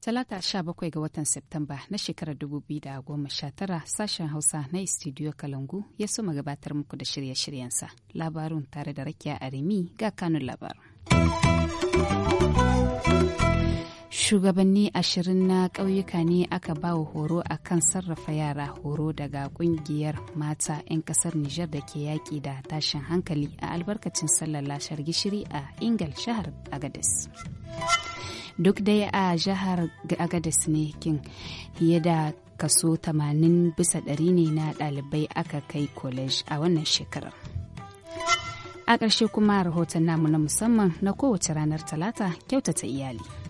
Talata sha bakwai ga watan Septamba na shekarar dubu biyu da goma sha tara sashen Hausa na Studio Kalangu ya soma gabatar muku da shirye-shiryensa. Labarun tare da Rakiya remi ga kanun labarin. shugabanni ashirin na ƙauyuka ne aka ba wa horo a kan sarrafa yara horo daga ƙungiyar mata 'yan ƙasar nijar da ke yaƙi da tashin hankali a albarkacin sallar lashar gishiri a ingal shahar agadis duk dai a jihar agadis ne kin fiye da kaso 80 bisa ɗari ne na ɗalibai aka kai kolej a wannan shekarar a ƙarshe kuma rahoton namu na musamman na kowace ranar talata kyautata iyali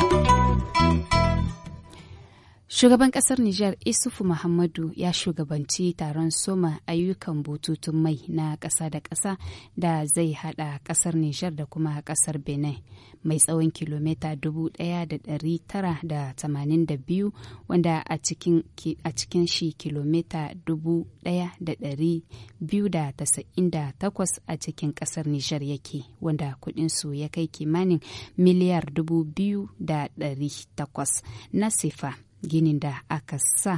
Shugaban ƙasar Nijar Isufu Muhammadu ya shugabanci taron soma ayyukan bututun mai na ƙasa da ƙasa da zai haɗa ƙasar Nijar da kuma ƙasar Benin mai tsawon kilomita 1,982 wanda a cikin shi kilomita 1,298 a cikin ƙasar Nijar yake wanda su ya kai kimanin miliyar 2,800 na sifa. ginin da aka sa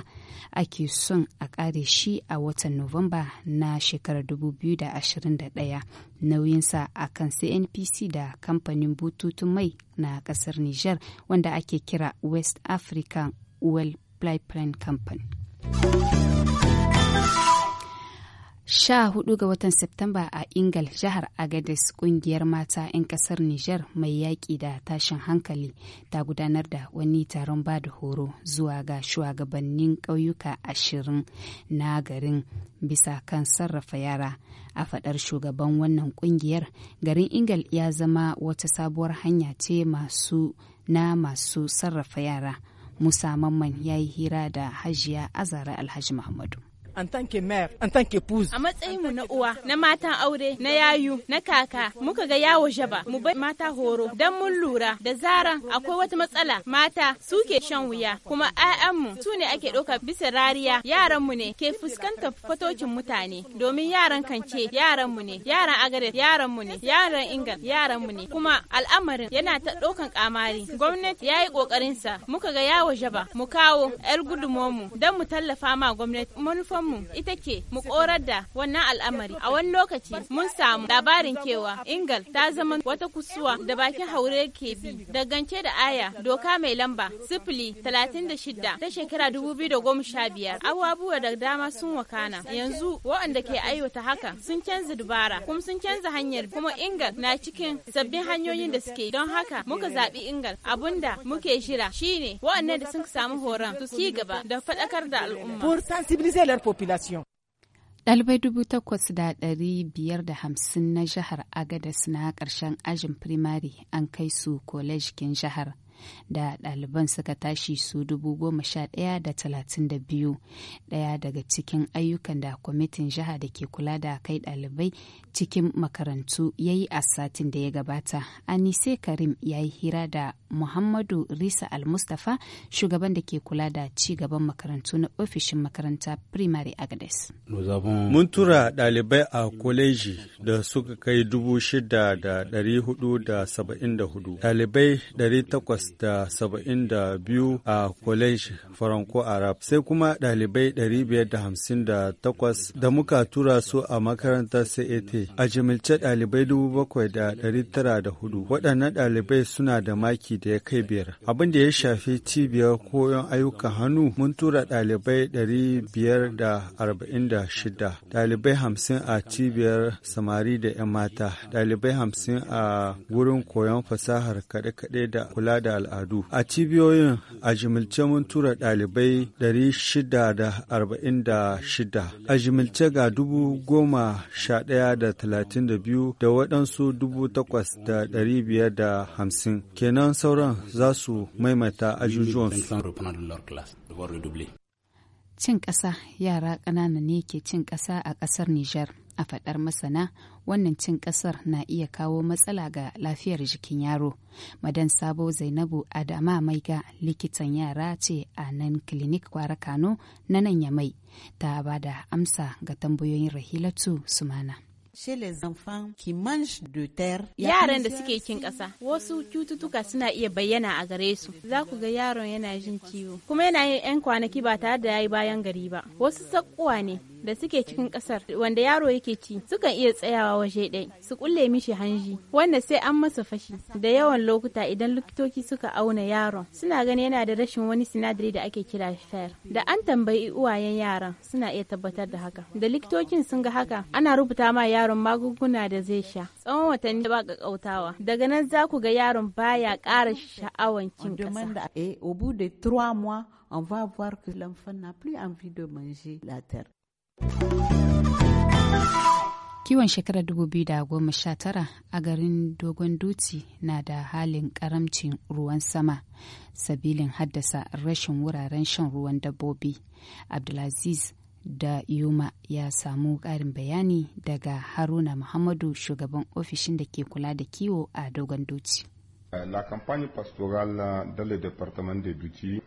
ake son a kare shi a watan nuwamba na shekarar 2021 nauyinsa a kan cnpc da kamfanin bututun mai na kasar niger wanda ake kira west african oil pipeline company sha hudu ga watan Septamba a Ingal jihar Agadez kungiyar mata 'yan kasar Nijar mai yaƙi da tashin hankali ta gudanar da wani taron ba da horo zuwa ga shugabannin ƙauyuka ashirin na garin bisa kan sarrafa yara a faɗar shugaban wannan kungiyar garin Ingal ya zama wata sabuwar hanya ce masu na masu sarrafa yara Musa Mamman ya yi hira da Hajiya Azara Alhaji Muhammadu. an tanke an tanke puz a matsayin mu na uwa na matan aure na yayu na kaka muka ga yawo jaba mu bai mata horo dan mun lura da zaran akwai wata matsala mata suke shan wuya kuma mu su ne ake ɗauka bisa rariya yaran mu ne ke fuskantar fatocin mutane domin yaran kance yaran mu ne yaran agare yaran mu ne yaran ingal yaran mu ne kuma al'amarin yana ta ɗaukan kamari gwamnati ya yi ƙoƙarinsa muka ga yawo jaba mu kawo 'yar gudumomu don mu tallafa ma gwamnati manufan mu ita ke mu korar da wannan al'amari a wani lokaci mun samu labarin cewa ingal ta zama wata kusuwa da bakin haure ke bi dangance da aya doka mai lamba sifili talatin da shida ta shekara dubu biyu da goma sha biyar abubuwa da dama sun wakana yanzu waɗanda ke aiwata haka sun canza dubara kuma sun canza hanyar kuma ingal na cikin sabbin hanyoyin da suke don haka muka zaɓi ingal abinda muke shira shine waɗannan da sun samu horon su ci gaba da faɗakar da al'umma. population. Ɗalibai dubu takwas da ɗari biyar da hamsin na jihar Agadez na ƙarshen ajin primary an kai su kolejkin jihar. da ɗaliban suka tashi su dubu goma sha ɗaya da talatin da biyu ɗaya daga cikin ayyukan da kwamitin jiha da ke kula da kai ɗalibai cikin makarantu ya yi a satin da ya gabata anise karim ya yi hira da muhammadu risa almustafa shugaban da ke kula da ci gaban makarantu na ofishin makaranta primary agnes mun tura ɗalibai a kwaleji da suka kai dubu shida da ɗari hudu da saba'in da hudu ɗalibai ɗari takwas da saba'in da biyu a college faranko arab sai kuma dalibai ɗari biyar da hamsin da takwas da muka tura su a makarantar cat a jimilce ɗalibai dubu bakwai da ɗari tara da hudu waɗannan ɗalibai suna da maki da ya kai biyar abin da ya shafi cibiyar koyon ayyukan hannu mun tura ɗalibai ɗari biyar da arba'in da shida ɗalibai hamsin a cibiyar samari da 'yan mata ɗalibai hamsin a wurin koyon fasahar kaɗe-kaɗe da kula da al'adu. A cibiyoyin a jimilce mun tura ɗalibai 646, a jimilce ga 11,032 da waɗansu 8,550. Kenan sauran za su maimaita ajujuwansu. cin ƙasa yara ƙanana ne ke cin ƙasa a ƙasar Nijar. A faɗar masana, wannan cin ƙasar na iya kawo matsala ga lafiyar jikin yaro. Madan Sabo Zainabu Adama Maiga likitan yara ce a nan Clinic Kwara Kano na nan Yamai ta ba da amsa ga tambayoyin Rahilatu Sumana. Yaran da suke kin ƙasa, wasu cututtuka suna iya bayyana a gare su. Za ku ga yaron yana jin ciwo, kuma yana yin 'yan kwanaki ba tare da ya yi bayan gari ba. Wasu sakkuwa ne, da suke cikin kasar wanda yaro yake ci sukan iya tsayawa waje ɗaya su kulle mishi hanji wanda sai an masa fashi da yawan lokuta idan likitoci suka auna yaron suna gani yana da rashin wani sinadari da ake kira fer da an tambayi uwayen yaron. suna iya tabbatar da haka da likitocin sun ga haka ana rubuta ma yaron magunguna da zai sha tsawon watanni ba kautawa. daga nan za ku ga yaron baya ƙara sha'awan cin ƙasa. on va voir que l'enfant n'a plus envie de manger la terre. Kiwon shekarar 2019 a garin Dogon Duti na da halin karamcin ruwan sama, sabilin haddasa rashin wuraren shan ruwan dabbobi. Abdulaziz da Yuma ya samu ƙarin bayani daga Haruna Muhammadu shugaban ofishin da ke kula da kiwo a Dogon Duti.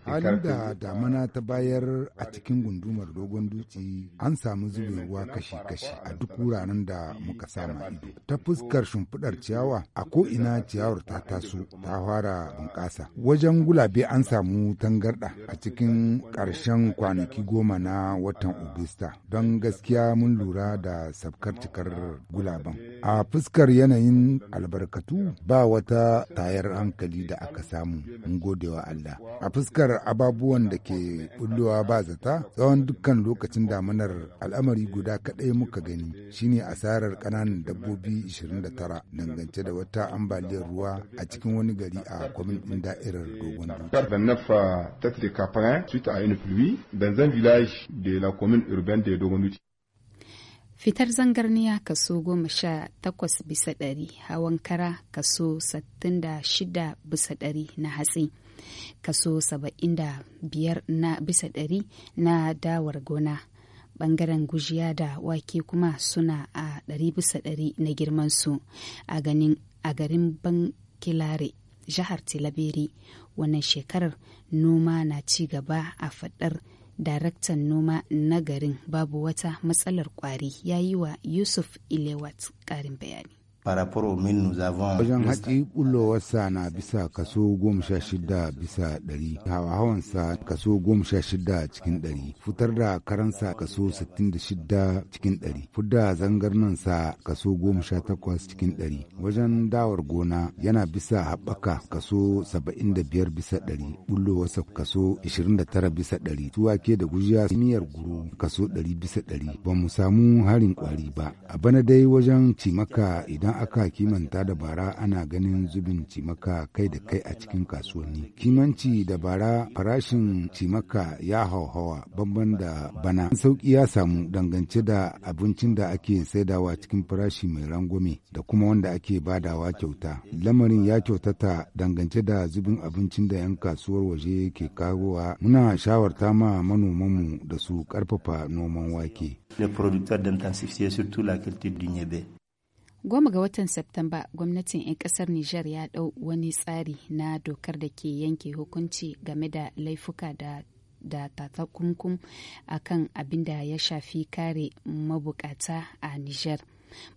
Halin da damana ta bayar a cikin gundumar dogon dutsi an samu zubin ruwa kashi-kashi a duk wuraren da muka sama ido. Ta fuskar shimfiɗar ciyawa a ko'ina ciyawar ta taso ta fara bunƙasa. Wajen gulabe an samu tangarɗa a cikin ƙarshen kwanaki goma na watan Ogusta, don gaskiya mun lura da sabkar cikar gulaben. a fuskar yanayin albarkatu ba wata tayar hankali da aka samu mun godewa Allah a fuskar ababuwan da ke bullowa ba zata tsawon dukkan lokacin damunar al'amari guda kaɗai muka gani shine asarar ƙananan dabbobi 29 dangance da wata ambaliyar ruwa a cikin wani gari a kwamin din da'irar dogon dutse. Fitar zangarniya kaso goma sha takwas bisa ɗari, hawan kara kaso sattin da shida bisa ɗari na hatsi, kaso saba'in da biyar na bisa ɗari na dawar gona. bangaren gujiya da wake kuma suna a ɗari bisa ɗari na girmansu a ganin a garin bankilare jihar tilaberi wannan shekarar noma na ci gaba a faɗar daraktan noma na garin babu wata matsalar kwari ya yi wa yusuf ilewat karin bayani Wajen haƙi wasa na bisa kaso goma sha shida bisa ɗari, hawa-hawansa kaso goma sha shida cikin ɗari, fitar da karansa kaso sittin da shida cikin ɗari, fudda sa kaso goma sha takwas cikin ɗari. Wajen dawar gona yana bisa haɓaka kaso saba'in da biyar bisa ɗari, wasa kaso ishirin da tara bisa ɗari, tuwake da gujiya miyar guru kaso ɗari bisa ɗari. Ba mu samu harin ƙwari ba. A bana dai wajen cimaka idan aka kimanta da bara ana ganin zubin cimaka kai da kai a cikin kasuwanni. Kimanci da bara farashin cimaka ya hauhawa bamban da bana. Sauki ya samu dangance da abincin da ake saidawa cikin farashi mai rangwame da kuma wanda ake badawa kyauta. Lamarin ya kyautata dangance da zubin abincin da 'yan kasuwar waje ke kawowa. Muna shawarta ma manomanmu da su karfafa noman wake. goma ga watan Septamba gwamnatin 'yan kasar Nijar ya ɗau wani tsari na dokar da ke yanke hukunci game da laifuka da da tatakunkum a kan abin da ya shafi kare mabukata a Nijar.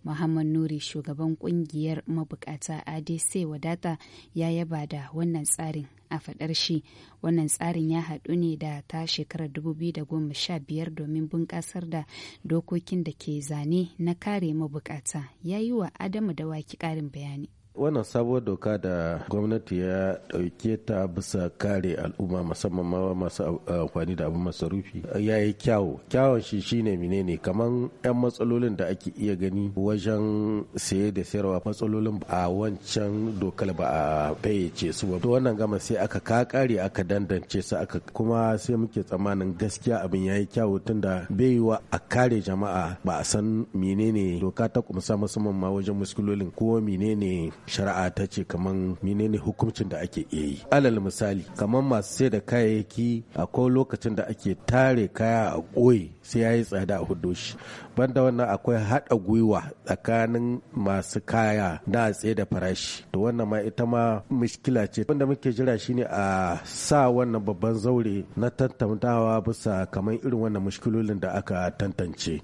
Muhammad Nuri shugaban kungiyar mabukata ADC wadata ya yaba da wannan tsarin a fadar shi wannan tsarin ya haɗu ne da ta shekarar 2015 domin bunƙasar da dokokin da ke zane na kare mabukata ya yi wa Adamu Dawaki ƙarin bayani. wannan sabuwar doka da gwamnati ya dauke ta bisa kare al'umma musamman ma masu amfani da abin masarufi ya yi kyawu kyawun shi shine menene kaman yan matsalolin da ake iya gani wajen saye da sayarwa matsalolin a wancan dokar ba a bayyace su ba to wannan gama sai aka ka kare aka dandance su aka kuma sai muke tsammanin gaskiya abin ya yi kyawu tunda bai wa a kare jama'a ba a san menene doka ta kumsa musamman ma wajen muskilolin ko menene shari'a ta ce kaman menene hukuncin da ake iya yi alal misali kamar masu sai da kayayyaki akwai lokacin da ake tare kaya a ƙoye sai ya yi tsada a hudu shi banda wannan akwai haɗa gwiwa tsakanin masu kaya na tsaye da farashi to wannan ma ita ma mishkila ce wanda muke jira shine a sa wannan babban zaure na tantantawa bisa kamar irin wannan mushkilolin da aka tantance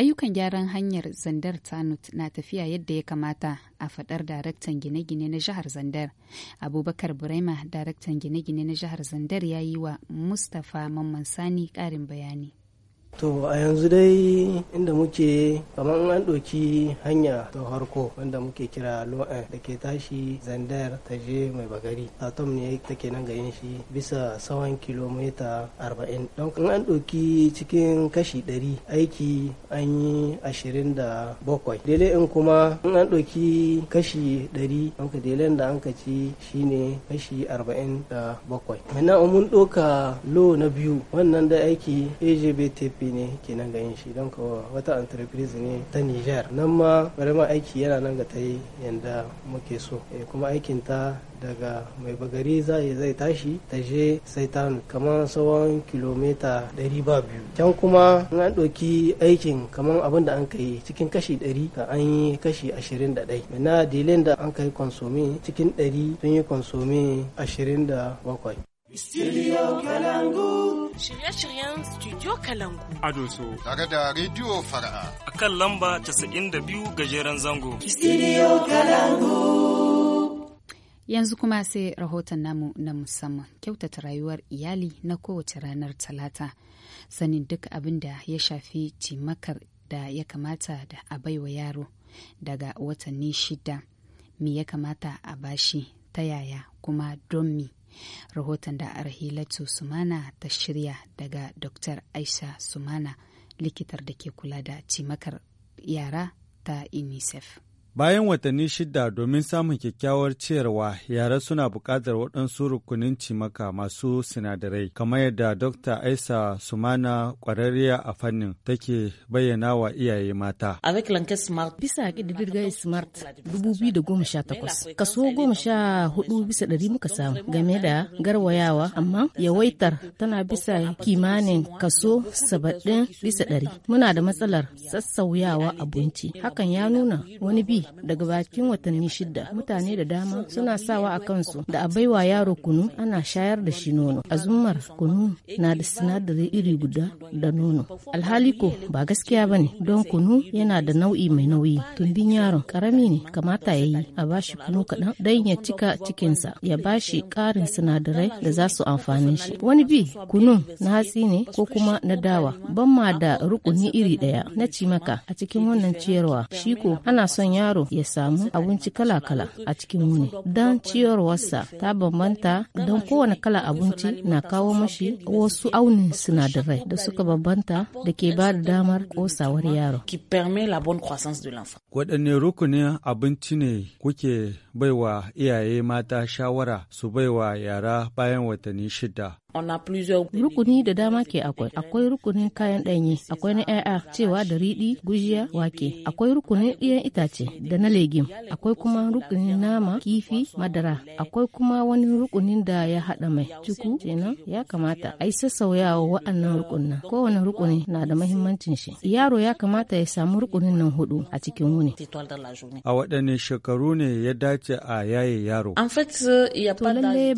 Ayyukan gyaran hanyar Zandar Tanut na tafiya yadda ya kamata a fadar daraktan gine-gine na jihar Zandar. Abubakar Burema daraktan gine-gine na jihar Zandar ya yi wa Mustapha Mamman Sani ƙarin bayani. to a yanzu dai inda muke kamar an ɗauki hanya ta harko wanda muke kira lo'an da ke tashi zandar ta je mai bagari atom ne ke nan gayin shi bisa tsawon kilomita 40 don kan an doki cikin kashi 100 aiki an yi 27 dele in kuma in an doki kashi 100 don ka da an ka ci shine kashi 47 mana mun doka lo na biyu wannan da aiki ejbtp. tasiri ne kenan ga yin shi don kawo wata entreprise ne ta niger nan ma ma aiki yana nan ga ta yi yanda muke so eh, kuma aikin ta daga mai bagari zai zai tashi ta je saitanu kamar tsawon kilomita 200 can kuma an ɗauki aikin kamar abin da an kai cikin kashi 100 ka an yi kashi 21 na dilin da an kai konsome cikin 100 sun yi konsome bakwai. Studio Kalangu. Shirye-shiryen Studio Kalangu. Adoso. Tare da Radio Fara'a. A kan lamba 92 gajeren zango. Studio Kalangu. Yanzu kuma sai rahoton namu na musamman kyautata rayuwar iyali na kowace ranar talata sanin duk abin da ya shafi cimakar da ya kamata da a baiwa yaro daga watanni shida me ya kamata a bashi ta yaya kuma don me. Rahoton da Arhilatu Sumana ta shirya daga Dr. Aisha Sumana likitar da ke kula da cimakar yara ta UNICEF. Bayan watanni shida domin samun kyakkyawar ciyarwa, yara suna buƙatar waɗansu rukunin cimaka masu sinadarai, kamar yadda Dr. Aisa Sumana ƙwararriya a fannin take bayyana wa iyaye mata. smart. Bisa ƙididdigar Smart 2018, kaso 14 bisa ɗari muka samu game da garwayawa, amma yawaitar tana bisa kimanin kaso 70 bisa ɗari. Muna da matsalar sassauyawa abinci, hakan ya nuna wani bi daga bakin watanni shida mutane da dama suna sawa a kansu da a baiwa yaro kunu ana shayar da shi nono azumar kunu na da sinadari iri guda da nono alhali ko ba gaskiya ba ne. don kunu yana da nau'i mai nauyi tumbin yaron karami ne kamata ya yi a bashi kunu kaɗan don ya cika cikinsa ya bashi ƙarin sinadarai da za su amfani shi wani bi kunun na hatsi ne ko kuma na dawa ban ma da rukuni iri ɗaya na ci maka. a cikin wannan ciyarwa shi ko ana son yaro yaro ya samu abinci kala-kala a cikin wuni don ciyarwarsa ta bambanta don kowane kala abinci na kawo mashi wasu aunin sinadarai da suka bambanta da ke ba da damar kosawar yaro. Waɗanne rukunin abinci ne kuke baiwa iyaye mata shawara su baiwa yara bayan watanni shida? Rukuni da dama ke akwai. Akwai rukunin kayan ɗanye, akwai na 'ya'ya cewa da riɗi, gujiya, wake. Akwai rukunin ɗiyan itace da na legim. Akwai kuma rukunin nama, kifi, madara. Akwai kuma wani rukunin da ya haɗa mai ciku kenan ya kamata a yi sassauyawa wa'annan rukunin. Kowane rukuni na da mahimmancin shi. Yaro ya kamata ya samu rukunin nan hudu a cikin wuni. A waɗanne shekaru ne ya dace a yaye yaro?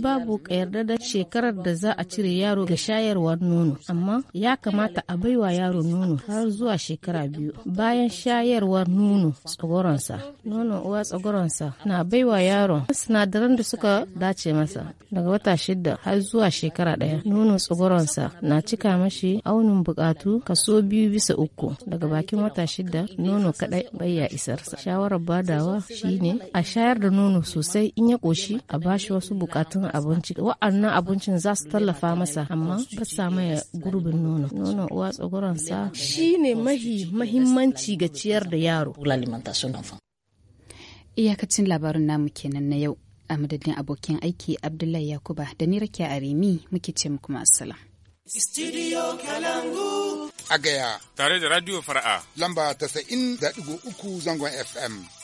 babu yarda da shekarar da za a a cire yaro ga shayarwar nono amma ya kamata a baiwa yaro nono har zuwa shekara biyu bayan shayarwar nono tsagoronsa nono uwa tsagoronsa na baiwa yaron sinadaran da suka dace masa daga wata shida har zuwa shekara ɗaya nono tsagoronsa na cika mashi aunin bukatu kaso biyu bisa uku daga bakin wata shida nono kadai bai ya isarsa shawarar badawa shine a shayar da nono sosai in ya koshi a bashi wasu bukatun abinci wa'annan abincin za su tallafa tallafa masa amma ba sa maya gurbin nono nono uwa sa shine mahi mahimmanci ga ciyar da yaro iyakacin labarin namu kenan na yau a madadin abokin aiki abdullahi yakuba da ni rakiya arimi muke ce muku masala studio a gaya tare da radio fara'a lamba 93.3 zangon fm